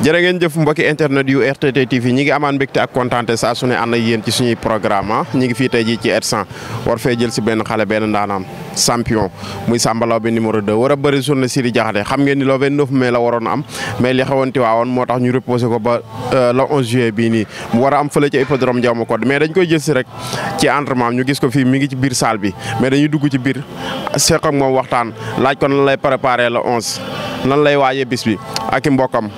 jërë ngeen jëf mbokki internet yu RTT TV ñi ngi amaan mbégte ak kontaante saa su ànd ak ci suñuy programme ah. ñi ngi fii tey jii ci R100 war fee jël benn xale benn ndaanaan champion muy Samba Laobé numéro 2 war a bëri journée Siri Diakhaté xam ngeen ni le 29 mai la waroon am mais li xewoon Tiwaawoon moo tax ñu reposé ko ba euh, le 11 juillet bii nii mu war a am fële ci hippodrome Ndiaw Macodou mais dañ koy jël si rek ci entraînement ñu gis ko fii mi ngi ci biir salle bi mais dañuy dugg ci biir seq ak moom waxtaan laaj ko nan lay préparé le 11 nan lay waajee bis bi ak i mbokkam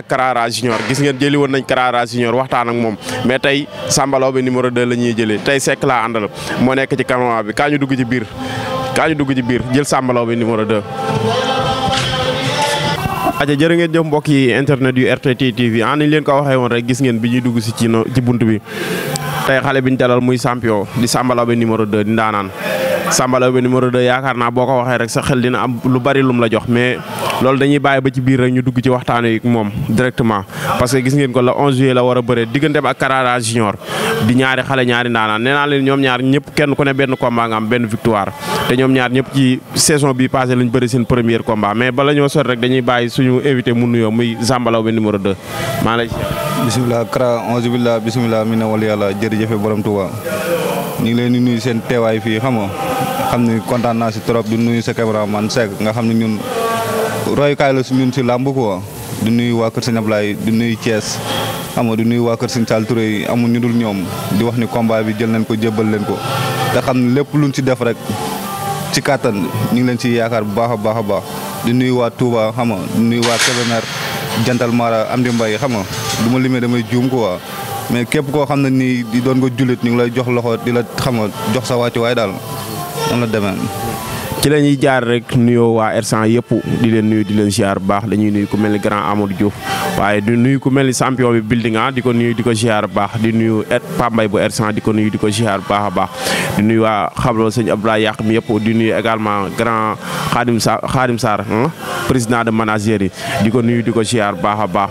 ak Karara Junior gis ngeen jëli woon nañ Karara Junior waxtaan moom mais tey Samba Laobé numéro 2 la ñuy jëlee tey Seck laa àndal moo nekk ci kanam bi kaa dugg ci biir kaa dugg ci biir jël Samba Laobé numéro 2. aja jërë ngeen jëf mbokk yi internet yu RTT TV ah nañ leen ko waxee woon rek gis ngeen bi ñuy dugg si ci ci bunt bi tey xale bi ñu jalal muy champion di Samba Laobé numéro 2 di ndaanaan Samba bi numéro 2 yaakaar naa boo ko waxee rek sa xel dina am lu bari lum la jox mais loolu dañuy bàyyi ba ci biir rek ñu dugg ci waxtaan yi moom directement parce que gis ngeen ko la 11 juillet la war a bëree digganteem ak Karara Junior di ñaari xale ñaari ndaanaan nee naa leen ñoom ñaar ñëpp kenn ku ne benn combat nga am benn victoire te ñoom ñaar ñëpp ci saison bi passé lañ bëri seen premier combat mais bala ñoo sori rek dañuy bàyyi suñu invité mu nuyoo muy Samba Laobé numéro 2 maa lay. bisimilah Kara 11 billah bisimilah mi yàlla jërëjëf borom Touba. ñu ngi leen di nuyu seen teewaay fii xam nga xam ni kontaan naa si trop di nuyu sa man Seck nga xam ne ñun royukaay la si ñun si làmb ko di nuyu waa kër Sëñ Ablaye di nuyu cees xam nga di nuyu waa kër Sëñ Sall Touré yi amul ñu dul ñoom di wax ni combat bi jël nañ ko jébbal leen ko te xam ne lépp luñ si def rek ci kàttan ñu ngi leen si yaakaar bu baax a baax a baax di nuyu waa Touba xam nga di nuyu waa Kébémer Jantal Mara Amdi Mbaye xam nga du ma limee damay juum ko waa mais képp koo xam ne nii di doon ko jullit ñu ngi lay jox loxo di la xama jox sa waay daal noonu nga demee. ci la ñuy jaar rek nuyoo waa ersan yëpp di leen nuyu di leen ziar bu baax dañuy nuyu ku mel ni grand Amadou Diouf. waaye di nuyu ku mel ni champion bi building ah di ko nuyu di ko ziar bu baax di nuyu et Pambay bu r di ko nuyu di ko ziar bu baax a baax di nuyu waa xamlo sëñ Abdoulaye yàq mi yëpp di nuyu également grand Khadim Sarr Khadim Sarr président de manager yi di ko nuyu di ko ziar bu baax a baax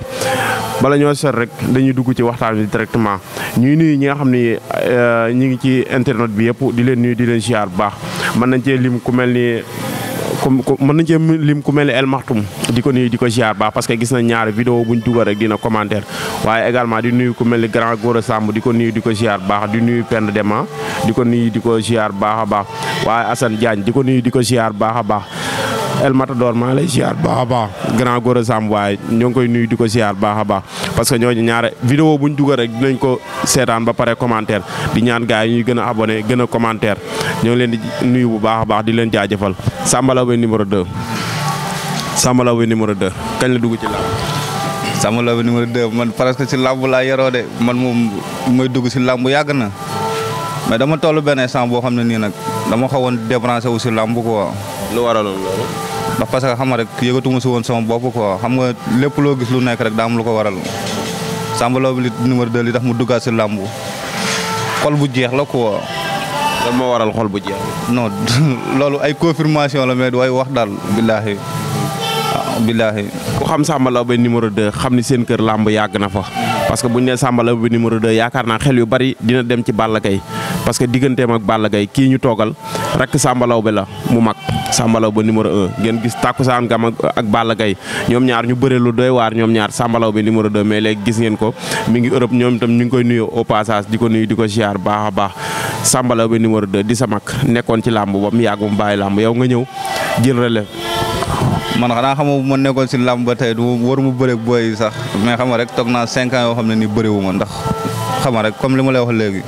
bala ñoo seet rek dañuy dugg ci waxtaan bi directement ñuy nuyu ñi nga xam ni euh, ñi ngi ci internet bi yëpp di leen nuyu di leen ziar bu baax mën nañ cee lim ku mel ni ku mën nañ cee lim ku mel ni El Maxtum di ko nuyu di ko ziar baax parce que gis na ñaari vidéo buñ dugal rek dina commentaire waaye également di nuyu ku mel ni grand Gora Samb di ko nuyu di ko ziar baax di nuyu Penda Dema di ko nuyu di ko ziar baax a baax waaye Assane Diagne di ko nuyu di ko ziar baax a baax El Matador maa lay ziar baax a baax grand góor a waaye ñoo ngi koy nuyu di ko ziar baax a baax parce que ñooñu ñaare vidéo bu ñu dugal rek dinañ ko seetaan ba pare commentaire di ñaan gaa yi ñuy gën a abonné gën a ñoo leen di nuyu bu baax a baax di leen jaajëfal Samba Laobé numéro 2. Samba Laobé numéro 2 kañ la dugg ci làmb. Samba Laobé numéro man presque ci làmb laa yoroo de man moom mooy dugg ci làmb yàgg na mais dama toll benn instant boo xam ne nii nag dama xawoon débranché wu ci làmb quoi. lu waraloon loolu. ndax parce que xam nga rek yëgatuma si woon sama bopp ko xam nga lépp loo gis lu nekk rek daa lu ko waral Samba Laobé li numéro 2 li tax mu duggaat si làmb xol bu jeex la ko moo waral xol bu jeex. non loolu ay confirmation la mais way wax daal billaahi ah, billaahi ku xam Samba Laobé numéro 2 xam ni seen kër làmb yàgg na fa parce que bu ñu nee Samba Laobé numéro 2 yaakaar naa xel yu bari dina dem ci Balla Gaye parce que digganteem ak Balla Gaye kii ñu toogal rakk sàmbalaw bi la mu mag sàmbalaw ba numéro un ngeen gis tàkkusaan gam ak Balla Gaye ñoom ñaar ñu bëre lu doy waar ñoom ñaar sàmbalaw bi numéro deux mais léegi gis ngeen ko mi ngi Europe ñoom itam ñu ngi koy nuyu au di ko nuyu di ko ziar baax a baax sàmbalaw bi numéro deux di sa mag nekkoon ci làmb ba mu yàgg mu bàyyi làmb yow nga ñëw jël relève man xanaa xam nga bu ma nekkoon si làmb ba tey du war mu bëre booy sax mais xam nga rek toog naa cinq ans yoo xam ne ni bëriwu ma ndax xam nga rek comme li ma lay wax léegi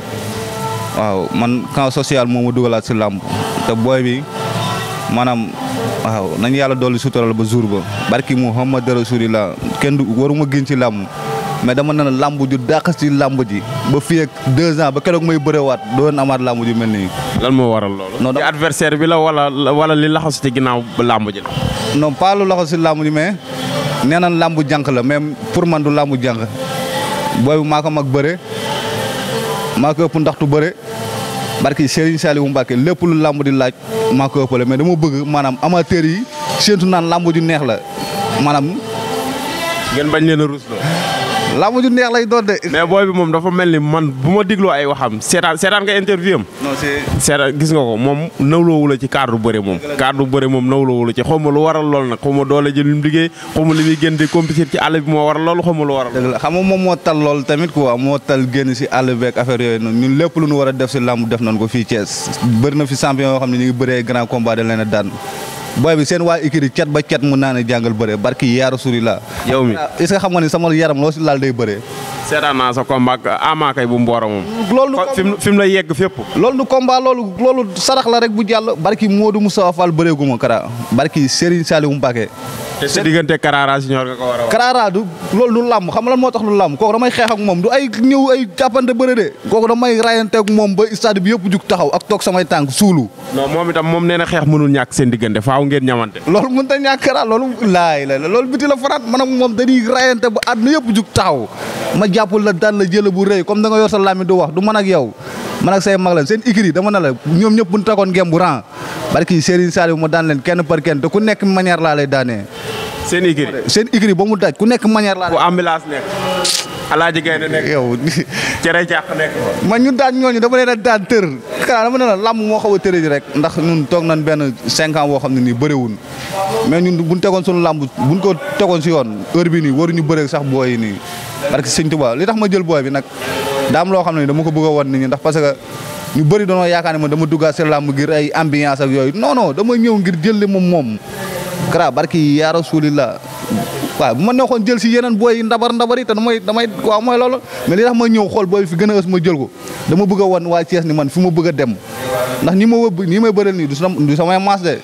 waaw man camp social moom ma si làmb te booy bi maanaam waaw nañu yàlla dolli sutural ba jour ba barki Muhammad la kenn du waruma gën ci làmb mais dama ne làmb ju dàq ci làmb ji ba fii ak deux ans ba keroog may waat doon amaat làmb ju mel nii. lan moo waral loolu. non adversaire bi la wala wala li laxas ci ginnaaw làmb ji la. non pas lu laxas ci làmb ji mais nee na làmb jànq la mais pour man du làmb jànq booy bi maa mag bëre. maa ko ëpp ndax du bëre barki Serigne wu Mbacke lépp lu làmb di laaj maa ko ëppale mais dama bëgg maanaam amateur yi séentu naan làmb ju neex la maanaam. ngeen bañ leen a la làmb ju neex lay doon de. mais booy bi moom dafa mel ni man bu ma digloo ay waxam seetaan seetaan nga interview am. non seetaan gis nga ko moom nawloowu la ci kaar bu bëri moom. cadre bu bëri moom nawloowu la ci xaw ma lu waral lool nag xaw ma doole ji li mu liggéey xaw ma muy génn di compétir ci àll bi moo waral lool xaw ma lu waral. dëgg la xam moom moo tal lool tamit quoi moo tal génn si àll beeg affaire yooyu noonu ñun lépp lu ñu war a def si làmb def nañ ko fii Thiès. bëri na fi champion yoo xam ne ñu bëree grand combat leen a booy bi seen waa ikiri cet ba cet mun naa ne jàngal bëre barki yaa rasulillah yow mi ah, est-ce que xam nga ni sama yaram loo si laal day bëree seetaan naa sa combat ama kay bu mboora moom loolu fi mu la yegg fépp loolu du combat loolu loolu sarax la rek bu jàll barki Modou Moussa Fall bëreeguma kara barki Serigne Saliou Mbacké te sa diggante Karara Junior nga ko war a wax. Karara du loolu lu làmm xam moo tax lu lam kooku damay xeex ak moom du ay ñëw ay jàppante bëre de. kooku damay rayante ak moom ba stade bi yëpp jug taxaw ak toog samay tànk suulu. non moom itam moom nee na xeex mënul ñàkk seen diggante faaw ngeen ñamante. loolu mënut a ñàkk Karara loolu. laay la lool biti la faraat man ak moom dañuy rayante ba àdduna yëpp jug taxaw ma jàppul la daan la jëla bu rëy comme da nga yor sa làmmi wax du man ak yow man ak say mag lan seen écrit dama na la ñoom ñëpp bu ñu tagoon ngem bu rang barki Serigne Saliou mu daan leen par kenn ku nekk manière laa lay daanee. seen écrit seen écrit ba mu daj ku nekk manière laa lay. ku ambulance nekk. Alaaji Gaynde nekk yow. cere càq man ñun daan ñooñu dama leen a daan tër. xanaa dama ne la làmb moo xaw a tëre rek. ndax ñun toog nañ benn cinq ans boo xam ne nii bëriwul mais ñun bu ñu tegoon suñu lamb bu ñu ko tegoon si yoon heure bi nii waruñu bëree sax booy yi nii. parce que sëñ Tuubaa li ma jël booy bi nag daam loo xam ne dama ko bëgg a wan nit ñi ndax parce que ñu bëri dañoo yaakaar ne man dama duggaat si làmb ngir ay ambiance yooyu noonoo non dama ñëw ngir jël li moom moom. Kara barki yaa rasulillah waaw bu ma neexoon jël si yeneen booy yi ndabar ndabar tan te damay damay waaw mooy loolu mais li ma ñëw xool booy fi gën a ës ma jël ko dama bëgg a wan waa Thiès ni man fi ma bëgg a dem ndax ñi ma wëbb nii may bëreel nii du samay maas de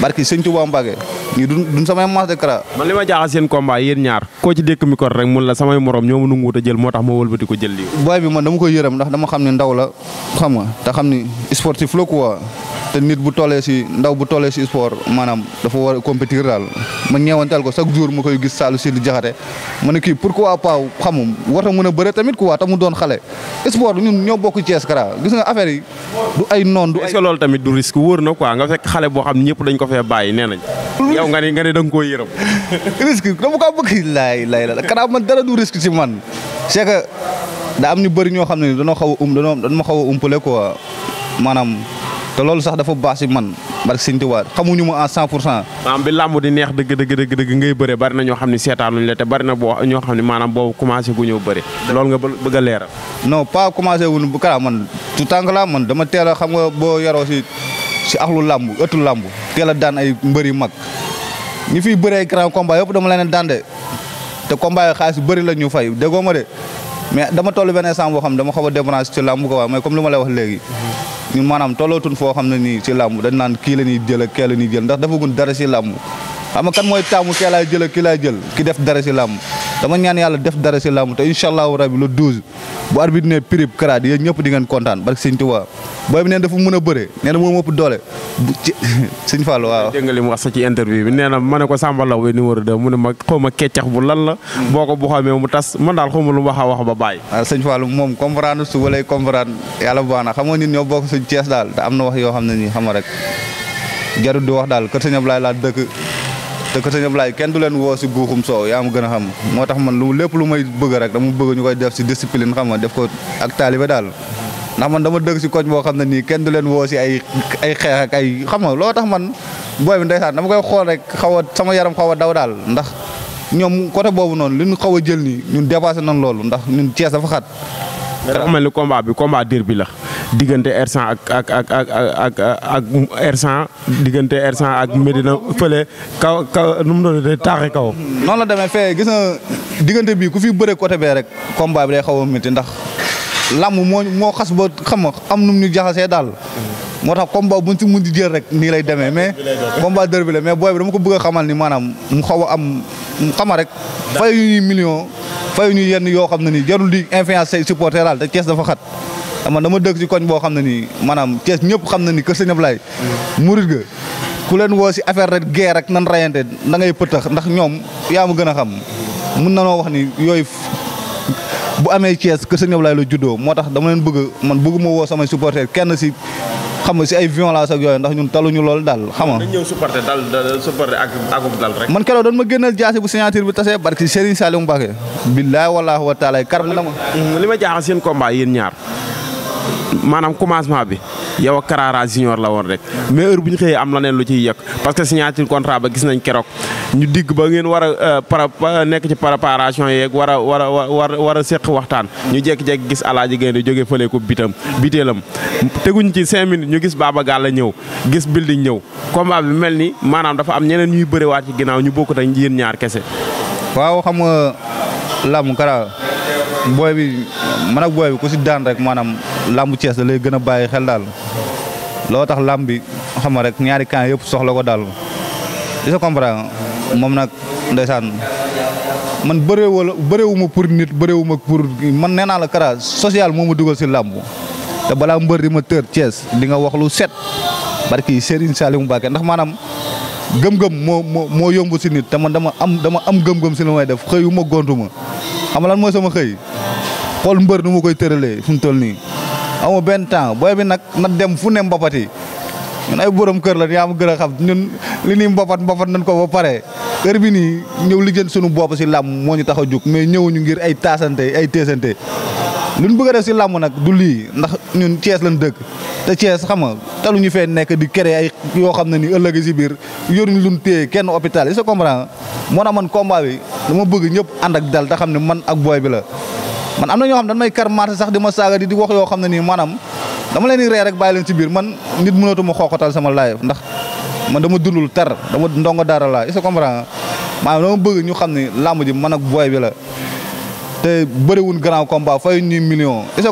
barki sëñ Tuubaa Mbàkke ñii duñ duñ samay mas de kara man li ma jaaxal seen combat yéen ñaar koo ci dékk mi ko rek mun la samay morom ñoo mënu nguut a jël moo tax ma wëlbati ko jël lii booy bi man dama koy yërëm ndax dama xam ne ndaw la xam nga te xam ni sportif la quoi te nit bu tollee si ndaw bu tollee si sport maanaam dafa war a compétir daal ma ñeewantal ko chaque jour ma koy gis saalu si di jaxate ma ne kii pourquoi pas xamum war a mën a bëre tamit quoi te mu doon xale sport ñun ñëw bokk Thiès kara gis nga affaire yi du ay noon du ay loolu tamit du na quoi nga fekk xale boo xam ñëpp dañ ko fee bàyyi nee nañ yow nga ne nga ne da nga koo yërëm. kaa bëgg laay laay la kanam man dara du risque ci man c'est que am ñu bëri ñoo xam ne dañoo xaw a um dañoo dañu ma xaw a umpale quoi te loolu sax dafa baax man barke Sëñ Tuubaa xamuñu ma à 100 pour cent. maanaam bi làmb di neex dëgg dëgg dëgg dëgg ngay bëre bari na ñoo xam ne seetaanuñ la te bari na boo ñoo xam ne maanaam boobu commencé gu ñëw bëri. loolu nga bëgg a leeral. non pas commencé wuñu bu kanam man tout temps que la man dama teel a xam nga boo yaroo si axlu làmb ëttu làmb teela a daan ay mbër yu mag ñi fiy bëree grand combat yëpp dama leen daan de te combat yi xaalis bëri la ñu fay déggoo ma de mais dama toll benn instant boo xam ne dama xaw a débranché ci làmb ko waaye mais comme li ma lay wax léegi ñun maanaam tollootuñ foo xam ne nii ci làmb dañ naan kii la ñuy jël kee la ñuy jël ndax dafagun dara si làmb xam nga kan mooy taamu kee laay jël ak kii jël ki def dara si làmb dama ñaan yàlla def dara si làmb te incha allahu rabi le 12 bu arbitre ne prib karaat yéen ñëpp di ngeen kontaan barke sëñ Tuubaa booy bi neen dafa mën a bëre nee na moo ëpp doole ci sëñ waaw. dégg nga wax sax ci interview bi nee na ma ne ko Samba Law bi numéro mu ne ma xaw ma keccax bu lan la. boo ko bu xamee mu tas man daal xaw ma lu wax a wax ba bàyyi. waaw sëñ Fall moom comprendre su walay comprendre yàlla baax na xam nga nit ñoo bokk suñ Cees daal am na wax yoo xam ne xam nga rek jarul di dëkk sëñ Ablaye kenn du leen woo si guuxum soow yaa ma gën a xam moo tax man lu lépp lu may bëgg rek dama bëgg ñu koy def si discipline xam nga def ko ak taalibe daal ndax man dama dëgg si koñ boo xam ne nii kenn du leen woo si ay ay xeex ak ay xam nga loo tax man booy bi ndeysaan dama koy xool rek xaw a sama yaram xaw a daw daal ndax ñoom côté boobu noonu li ñu xaw a jël nii ñun dépassé nañ loolu ndax ñun Thiès dafa xat. mais dafa ma ni combat bi combat diir bi la. diggante r ak ak ak ak ak ak R100 diggante R100 ak Medina fële kaw kaw nu mu doon taaxe kaw. noonu la demee fee gis na diggante bi ku fi bëre côté bee rek combat bi day xaw a métti ndax lamb moo moo xas boo xam am nu ñu jaxasee daal. moo tax combat bu ñu si mun di jël rek nii lay demee mais combat dër bi la mais booy bi dama ko bëgg a xamal ni maanaam mu xaw a am mu xama rek fayu ñuy million fayu ñu yenn yoo xam ne ni jarul di influence say supporter daal te Cees dafa xat man dama dëkk ci koñ boo xam ne nii maanaam Thiès ñëpp xam na ni kër Sëñ Ablaye murit ga ku leen woo si affaire rek guerre rek nan rayante da ngay pëttax ndax ñoom yaa ma gën a xam mun na noo wax ni yooyu bu amee Thiès kër Sëñ Ablaye la juddoo moo tax dama leen bëgg man bëgguma woo samay supporter kenn si xam nga si ay violence ak yooyu ndax ñun taluñu lool daal xam nga. dañu ñëw man keroog doon ma génnal jaasi bu signature bi tasee barki Serigne Saliou Mbacké. billaay wallaahi wa taala kar na ma. Mm, li ma jaaxal seen combat yéen ñaar. maanaam commencement bi yow ak Karara la woon rek mais heure bu ñu xëyee am la neen lu ciy yëg parce que signature contrat ba gis nañ keroog ñu digg ba ngeen war a euh, para euh, nekk ci préparation yeeg war a war a war war a séq waxtaan ñu jékki-jékki gis alaaji gaynde jóge fële ko bitam biteelam teguñ ci cinq minutes ñu gis Baba Gàlla ñëw gis building ñëw combat bi mel ni maanaam dafa am ñeneen ñuy bëriwaat ci ginnaaw ñu bokk dañ yéen ñaar kese waaw xam lam Karara booy bi man ak booy bi ku si daan rek maanaam làmbu Cees da lay gën a bàyyi xel daal loo tax làmb bi xam rek ñaari camp yëpp soxla ko daal di sa comprendre moom nag ndeysaan man bëree wala bëreewuma pour nit bëreewuma pour man nee naa la Kara social moo ma dugal si làmb te balaa mbër di ma tër Cees di nga wax lu set barki Serigne Salim Mbacké ndax maanaam gëm-gëm moo moo moo yomb si nit te man dama am dama am gëm-gëm si lu may def xëyuma gontuma xam lan mooy sama xëy. xool mbër nu mu koy tëralee fu mu toll nii amoo benn temps booy bi nag na dem fu ne mbapat yi ñun ay borom kër la yaa ma gën a xam ñun li nii mbapat mbapat nañ ko ba pare heure bi nii ñëw liggéey suñu bopp si làmm moo ñu tax a jóg mais ñëwuñu ngir ay taasante ay teesante lu ñu si làmm nag du lii ndax ñun Thiès lañ dëkk te Thiès xam nga talu ñu fee nekk di créer ay yoo xam ne ni ëllëg si biir yoruñ luñ téye kenn hôpital yi se comprend moo tax man combat bi dama bëgg ñëpp ànd ak dal te xam ne man ak booy bi la man am na ñoo xam dañ may kar marché sax di ma saaga di di wax yoo xam ne nii maanaam dama leen di ree rek bàyyi leen ci biir man nit mënatuma xooxatal sama live ndax man dama dundul tar dama ndongo dara laa est-ce que comprend maanaam dama ñu xam ne làmb ji man ak waay bi la te bëriwul grand combat fay ñuy million est-ce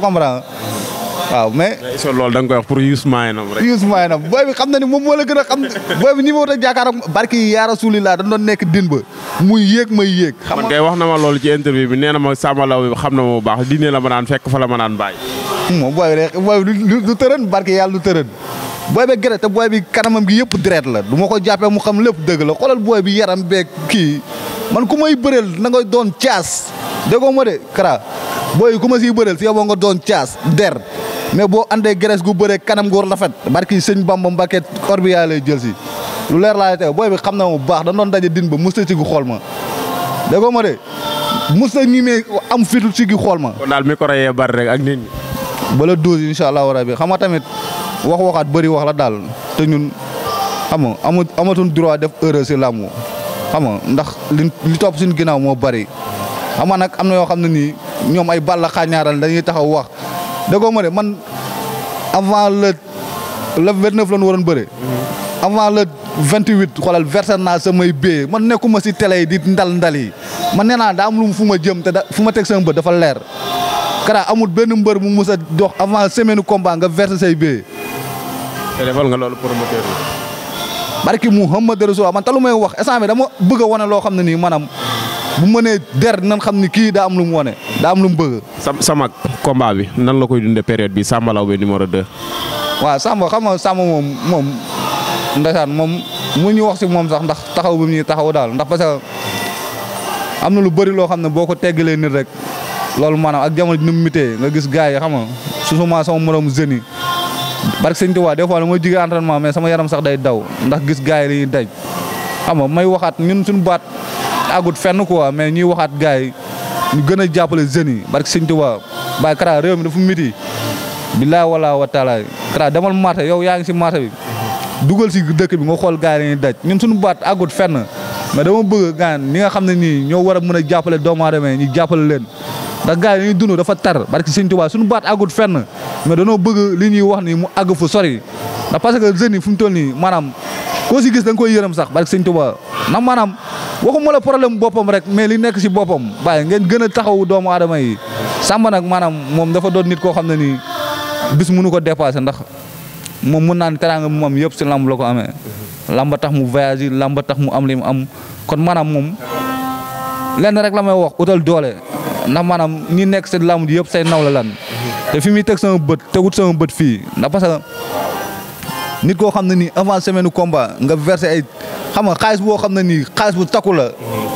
waaw mais. est-ce que loolu da nga koy wax pour Youssou Mayenam rek. Youssou Mayenam booy bi xam na ni moom moo la gën a xam booy bi ni ma war a jàkkaarloog barki yi yaa rasulilah dañu doon nekk din ba muy yéeg may yéeg. xam nga kay wax na ma loolu ci interview bi nee na ma Samba Law bi xam na ma bu baax di ne la ma naan fekk fa la ma naan bàyyi. moom booy bi booy bi du tërën barki yàlla du tërën. booy bi gërë te booy bi kanamam gi yëpp deret la du ma ko jàppee mu xam lépp dëgg la xoolal booy bi yaram beeg kii man ku may bëreel na nga doon caas déggoo ma de Kara booy ku ma siy si yow nga doon caas der mais boo andee graisse gu bëree kanam góor rafet barki sëñ Bamba Mbàkke or bi yaa lu leer laa lay teew bi xam na mu baax dañ doon daje din ba mos ci gu xool ma déggoo ma de mos na ñu am fitul ci gi xool ma. kon daal micro bari rek ak nit ñi. bala douze incha allahu rabi xam nga tamit wax waxaat bari wax la daal te ñun xam nga amu amatuñ droit def erreur si làmb xam ndax li li topp suñu ginnaaw moo bëri. xam nga nag am na yoo xam ne nii ñoom ay balla xañaaral dañuy taxaw wax déggoo ma de man avant le le vingt neuf la ñu waroon bëre. Mhm. avant le vingt huit xoolal verser naa samay bee man nekkuma si télé yi di ndal ndal yi ma nee naa daa am lu mu fu ma jëm te fu ma teg sama bët dafa leer. Kara amul benn mbër mu musa a dox avant semaine combat nga verser say bee. te defal nga loolu promoteur bi. barki Muhammad Rasulullah man talu may wax instant dama bëgg a loo xam ne nii maanaam. bu mënee der nan xam ni kii daa am lu mu wone daa am lu mu bëgg. sa sa mag bi nan la koy dundee période bi Samba Laobé numéro 2. waaw Samba xam nga Samba moom moom ndeysaan moom mu ñu wax si moom sax ndax taxaw bi ñuy taxaw daal ndax parce am na lu bari loo xam ne boo ko teggalee nit rek loolu maanaam ak jamono ni mu mitee nga gis gars yi xam nga su suma sama moromu jeunes yi parce que sëñ Tuubaa des fois damay jugee entraînement mais sama yaram sax day daw ndax gis gars yi dañuy may waxaat ñun suñu àggut fenn quoi mais ñuy waxaat gars yi ñu gën a jàppale jeunes yi barke sëñ Tuubaa Baye Kara réew mi dafa miti billaay wala wa taala Kara demal marché yow yaa ngi si marché bi dugal si dëkk bi nga xool gars yi lañuy daj ñun suñu baat àggut fenn mais dama bëgg gaan ñi nga xam ne nii ñoo war a mën a jàppale doomu aadama ñu jàppale leen ndax gars yi ñuy dund dafa tar barke sëñ Tuubaa suñu baat àggut fenn mais danoo bëgg li ñuy wax ni mu àgg fu sori ndax parce que jeunes yi fu mu toll nii maanaam koo si gis da koy yërëm sax barke sëñ Tuubaa ndax waxuma la problème boppam rek mais li nekk si boppam waaye ngeen gën taxaw doomu aadama yi Samba nag maanaam moom dafa doon nit koo xam ne nii bis mënu ko dépassé ndax moom mun naan teraanga mu am yëpp si lamb la ko amee. làmb tax mu voyage làmb tax mu am li mu am kon maanaam moom lenn rek la may wax utal doole ndax maanaam ñi nekk si làmb yëpp say naw la lan. te fi muy teg sama bët tegut sama bët fii ndax parce nit koo xam ne nii avant semaine combat nga versé ay xam nga xaalis boo xam ne nii xaalis bu takku la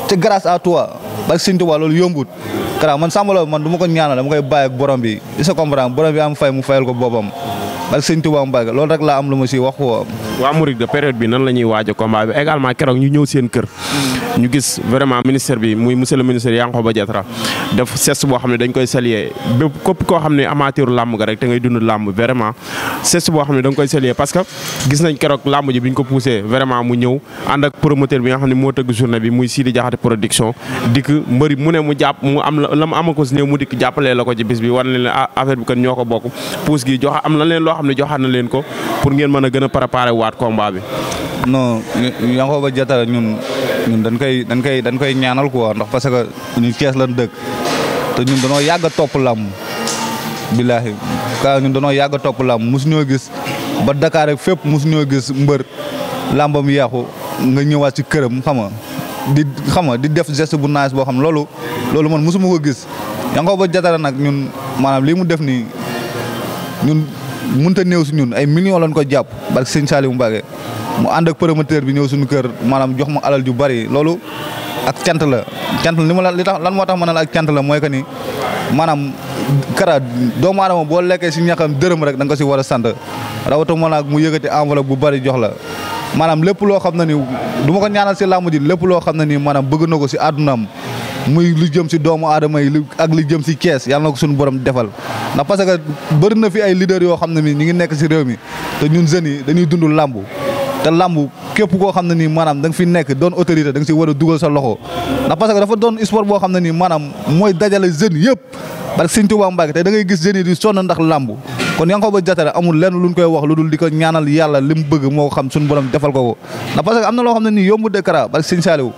te grâce à toi parce que Sëñ Tuubaa loolu yombut kara man Samba man du ma ko ñaanal dama koy bàyyi ak borom bi il se borom bi am fay mu fayal ko boppam ba sëñ Tuubaa Mbàkke loolu rek laa am lu ma si wax woo waa Mouride de période bi nan la ñuy waaj bi également keroog ñu ñëw seen kër ñu gis vraiment ministère bi muy monsieur le ministre Yankhoba Diattara def xam ne dañ koy saluer bépp képp koo xam ne amateur ga rek te ngay dund làmb vraiment boo xam ne da nga koy saluer parce que gis nañ keroog làmb ji bi ñu ko poussé vraiment mu ñëw ànd ak promoteur bi muy Sidi Diakhaté production dikk mbëri mu ne mu jàpp mu la mu ko si néew mu dikk jàppalee la ko ci bis bi war na leen ah, affaire bi kan ñoo ko bokk pousse gi jox xam ne joxaat na leen ko pour ngeen mën a gën a préparer waat combat bi. non Yankoba Diattara ñun ñun dañ koy dañ koy dañ koy ñaanal quoi ndax parce que ñun Cees lan dëkk te ñun danoo yàgg a topp làmb billaahi ka ñun danoo yàgg topp làmb mosu gis ba dakaar rek fépp mosu gis mbër làmbam yàqu nga ñëwaat ci këram xam nga di di def geste bu naaj boo xam loolu loolu man mosuma ko gis Yankoba Diattara nag ñun maanaam lii mu def nii ñun. mënut a néew si ñun ay millions lañ ko jàpp barke sëñ mu Mbacké mu ànd ak promoteur bi ñëw suñu kër maanaam jox ma alal ju bari loolu ak cant la cant la li ma la li tax lan moo tax ma ne la ak cant la mooy que ni maanaam kara doomu aadama boo lekkee si ñaxam dërëm rek da nga ko si war a sant rawatina mu yëkkati enveloppe bu bari jox la. maanaam lépp loo xam ne ni du ma ko ñaanal si làmb di lépp loo xam ne nii maanaam bëgg na ko si àddunaam muy lu jëm si doomu aadama yi li ak li jëm si kees yàlla na ko suñu borom defal ndax parce que bëri na fi ay leaders yoo xam ne nii ñu ngi nekk si réew mi te ñun jeunes yi dañuy dundu làmb te làmb képp koo xam ne nii maanaam da nga fi nekk doon autorité da nga si war a dugal sa loxo ndax parce que dafa doon sport boo xam ne nii maanaam mooy dajale jeunes yëpp parce que Sëñ Tuubaa Mbàkke te gis jeunes yi di ndax làmb kon ba Diattara amul lenn luñ koy wax lu dul di ko ñaanal yàlla li mu bëgg moo xam suñu borom defal ko ko ndax parce am na loo xam ne nii yombu décra barke Sëñ Saaliw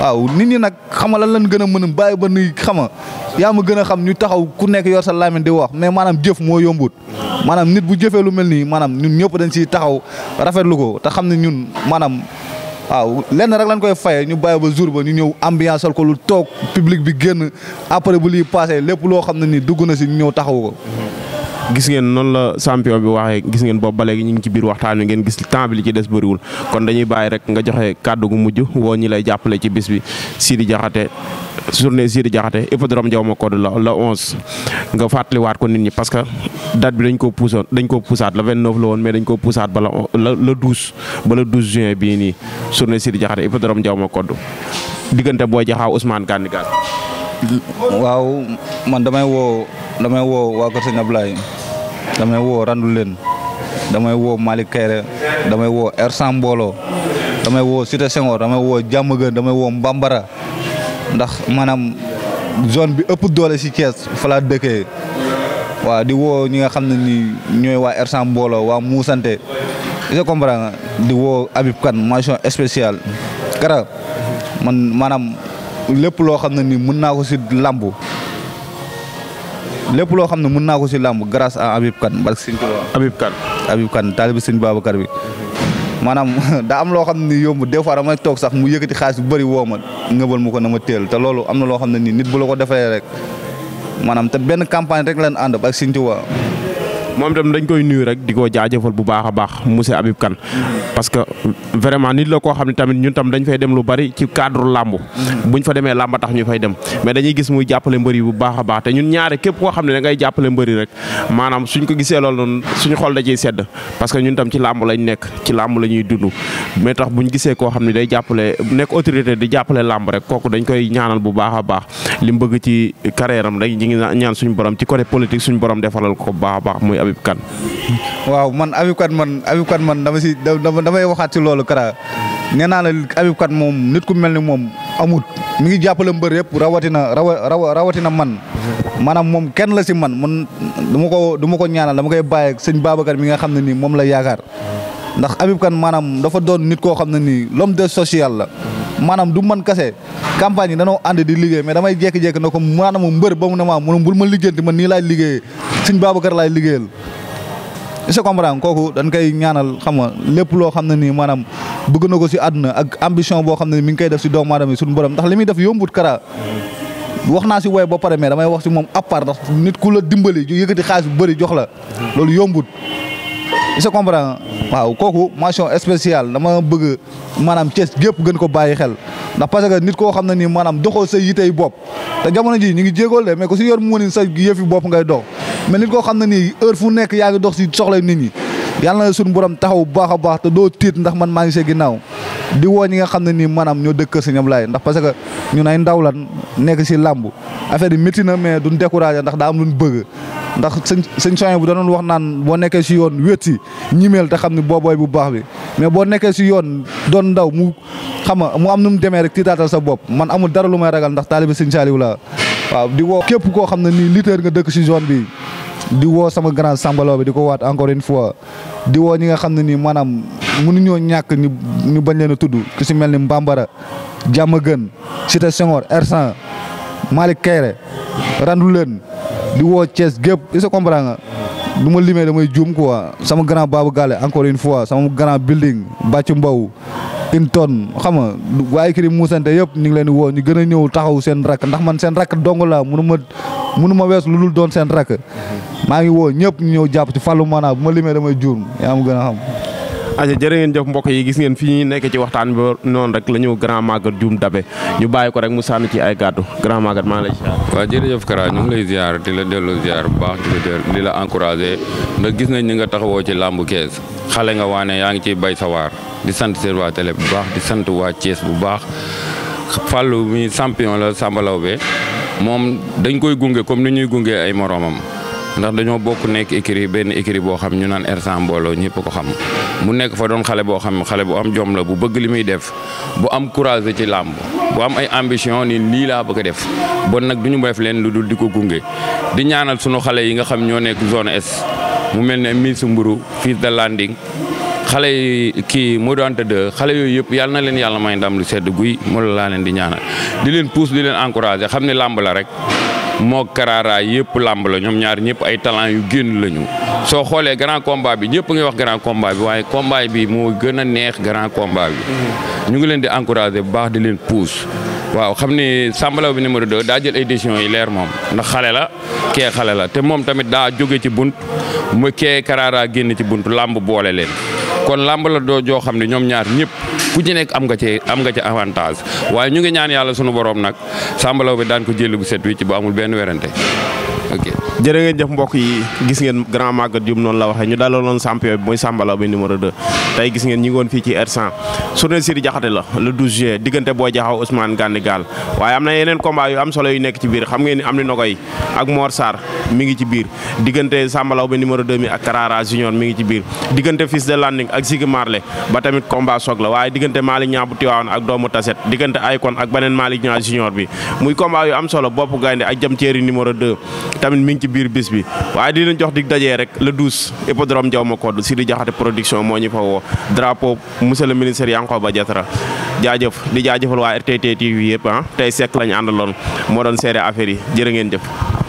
waaw nit ñi nag xam nga lan lañ gën a mën a bàyyi ba ni xama yaa ma gën a xam ñu taxaw ku nekk yor sa làmmiñ di wax mais maanaam jëf moo yombut manaam nit bu jëfee lu mel nii maanaam ñun ñëpp dañ siy taxaw rafetlu ko te xam ne ñun maanaam waaw lenn rek lañ koy faye ñu bàyyi ba jour ba ñu ñëw ambiance ko lu toog public bi génn après bu liy passé lépp loo xam ne nii dugg na si ñëw taxaw gis ngeen noonu la champion bi waxee gis ngeen boobu ba léegi ñu ngi ci biir waxtaan wi ngeen gis temps bi li ci des bëriwul kon dañuy bàyyi rek nga joxe kàddu gu mujj woo ñi lay jàppale ci bis bi Sidi Diakhaté journée Sidi Diakhaté hippodrome Ndiaw Macodou la la 11 nga fàttaliwaat ko nit ñi parce que date bi dañ koo puusoon dañ koo puusaat le 29 la woon mais dañ koo puusaat ba la le 12 ba le 12 juin bii nii journée Sidi Diakhaté hippodrome Ndiaw Macodou diggante Boy Diakhao Ousmane Gandigal waaw man damay woo damay woo waa Kër Sëñ Ablaye damay woo randu leen damay woo Malick Kayre damay woo Ersan Mbooloo damay woo Cité Senghor damay woo Diamaguène damay woo Mbambara ndax maanaam zone bi ëpp doole si Thiès falaa laa dëkkee waaw di woo ñi nga xam ne ni ñooy waa Ersan Mbooloo waa Muusante je comprends di woo Habib Kane mention spéciale kara man maanaam lépp loo xam ne ni mën naa ko si làmb lépp loo xam ne mën naa ko si làmb grâce a Habib Kane barke sëñ Tuubaa Habib Kane Habib Kane taalibi sëñ Babacar bi maanaam daa am loo xam ne yomb des fois damay toog sax mu yëkkati xaalis bu bëri woo ma ngëbal mu ko na ma téel te loolu am na loo xam ne nii nit bu la ko defee rek maanaam te benn campagne rek leen ànd barke sëñ Tuubaa moom itam dañ koy nuyu rek di ko jaajëfal bu baax a baax monsieur Habib Kane parce que vraiment nit la koo xam ne tamit ñun tam dañ fay dem lu bari ci cadre làmb buñ fa demee lamba tax ñu fay dem mais dañuy gis muy jàppale mbër yi bu baax a te ñun ñaare képp koo xam ne da ngay jàppale mbër yi rek maanaam suñ ko gisee loolu noonu suñu xol da ciy sedd parce que ñun tam ci làmb lañ nekk ci làmb la ñuy dund mais tax buñ gisee koo xam ne day jàppale nekk autorité di jàppale làmb rek kooku dañ koy ñaanal bu baax a baax li mu bëgg ci carrière am dañ ngi ñaan suñu borom ci côté politique suñu borom defalal ko Habib Kane. waaw man Habib Kane man Habib Kane man dama si damay waxaat si loolu Kara nee naa la Habib Kane moom nit ku mel ni moom amut mi ngi jàppale mbër yëpp rawatina rawa rawatina man. maanaam moom kenn la si man man du ma ko du ma ko ñaanal dama koy bàyyi ak sëñ Babacar mi nga xam ne nii moom la yaakaar ndax Habib Kane maanaam dafa doon nit koo xam ne nii lom de social la. maanaam du man kase campagne yi danoo ànd di liggéey mais damay jékki-jékki na ko maanaam mbër ba mu ne maa mu bul ma liggéeyanti man nii laay liggéeyee suñ Babacar laay liggéeyal est-ce que kooku dan koy ñaanal xam nga lépp loo xam ne nii maanaam bëgg na ko si àdduna ak ambition boo xam ne mi ngi koy def si doomu aadama yi suñu borom ndax li muy def yombut kara wax naa si woy ba pare mais damay wax si moom à part nit ku la dimbali yëkkati xaalis bu bëri jox la loolu yombut je comprends waaw kooku mention spéciale dama bëgg maanaam Thiès gépp gën ko bàyyi xel ndax parce que nit koo xam ne ni maanaam doxoo sa yitey bopp te jamono ji ñu ngi jéegool de mais ku si yor mu ni sa yëfi bopp ngay dox mais nit koo xam ne ni heure fu nekk yaa ngi dox si soxla nit ñi yàlla na suñu borom taxaw bu baax a baax te doo tiit ndax man maa ngi see ginnaaw di woo ñi nga xam ne ni maanaam ñoo dëkk si ñoom laay ndax parce que ñun ay ndaw lan nekk si làmb affaire yi métti na mais duñ découragé ndax daa bëgg ndax sëñ sëñ soin bu danoon wax naan boo nekkee si yoon wéet wéeti ñimeel te xam ne boobooy bu baax bi mais boo nekkee si yoon doon ndaw mu xam nga mu am nu mu demee rek tiitaatal sa bopp man amul dara lu may ragal ndax taalibe sëñ Saliou wula waaw di woo képp koo xam ne nii lutteur nga dëkk si zone bi di woo sama grand sambaloo bi di ko waat encore une fois di woo ñi nga xam ne nii maanaam mënuñoo ñàkk ñu ñu bañ leen a tudd ku si mel ni Mbambara Diamaguène Cité Senghor Ersan Malick Kayre Randoulène di woo cees gépp est-ce que comprends nga du ma limee damay juum quoi sama grand Babou Gallé encore une fois sama grand building Bàcc Mbow une tonne xam nga waaye kii muusante yëpp ñu ngi leen di woo ñu gën a ñëw taxaw seen rakk ndax man seen rakk dong la mënu ma mënu ma wees lu lul doon seen rakk maa ngi woo ñëpp ñu ñëw jàpp ci fàllu maanaam bu ma limee damay juum yaa ma gën a xam aja jërë ngeen jëf mbokk yi gis ngeen fi ñuy nekk ci waxtaan bi noonu rek la ñu grand magal Dioum Dabe ñu bàyyi ko rek mu sànni ci ay gàddu grand magal maa ngi lay ziar. jërëjëf Kara ñu ngi lay ziar di la delloo ziar bu baax di la encouragé ndax gis nañ ni nga taxawoo ci làmbu kees xale nga waane yaa ngi ciy bay sawaar di sant seen waa télé bu baax di sant waa Thiès bu baax Fallou mi champion la Samba Lawbe moom dañ koy gunge comme ni ñuy gunge ay moroomam ndax dañoo bokk nekk écurie benn écurie boo xam ñu naan R100 mbooloo ñëpp ko xam mu nekk fa doon xale boo xam xale bu am jom bu bëgg li muy def bu am courage ci làmb boo am ay ambition nii lii laa bëgg a def bon nag du ñu def leen lu dul di ko gunge di ñaanal sunu xale yi nga xam ñoo nekk zone es mu mel ne Miss Mburu fii de Landing xale yi kii Modou Anta de xale yooyu yëpp yàlla na leen yàlla may ndam lu sedd guy mu la laa leen di ñaanal di leen pousse di leen encouragé xam ne làmb la rek moo Karara yëpp làmb la ñoom ñaar ñëpp ay talent yu génn lañu soo xoolee grand combat bi ñëpp ngi wax grand combat bi waaye kombaay bi moo gën a neex grand combat bi. Mm-hmm. ñu ngi leen di encourager bu baax di leen pousse. waaw xam ni Samba Laobé numéro 2 daa jël ay décisions yi leer moom ndax xale la kee xale la te moom tamit daa jóge ci bunt mu kee Karara génn ci bunt làmb boole leen. kon làmb doo joo xam ne ñoom ñaar ñëpp ku ci nekk am nga ci am nga ci avantage waaye ñu ngi ñaan yàlla sunu borom nag sàmbalaw bi daan ko jël bu set wi ci bu amul benn werante jërë ngeen jëf mbokk yi gis ngeen grand magat jum noonu la waxee ñu dalaloon champion bi mooy Sambala bi numéro 2 tey gis ngeen ñi ngi woon fii ci R100 Siri Jaxate la le 12 juillet diggante Boy Jaxaw Ousmane Gandigal waaye am na yeneen combat am solo yu nekk ci biir xam ngeen ni am ni nogoy ak Mor Sarr mi ngi ci biir diggante Sambalaw bi numéro 2 mi ak Karara Junior mi ngi ci biir diggante Fils de Landing ak Sigi Marley ba tamit combat soog waaye bu Tiwaawan ak doomu Taset diggante Aykon ak beneen Malick Niang Junior bi muy combat yu am solo bopp gaynde ak jëm ceeri numéro 2 tamit mi ngi ci biir bis bi waaye di leen jox dig dajee rek le 12 hippodrome Diaw Makodu si di jaxate production moo ñu fa woo drapeau monsieur le ba Yankhoba Diattara jaajëf di jaajëfal waa RTT TV yëpp ah tey sekk lañ àndaloon moo doon seere affaire yi jërë ngeen jëf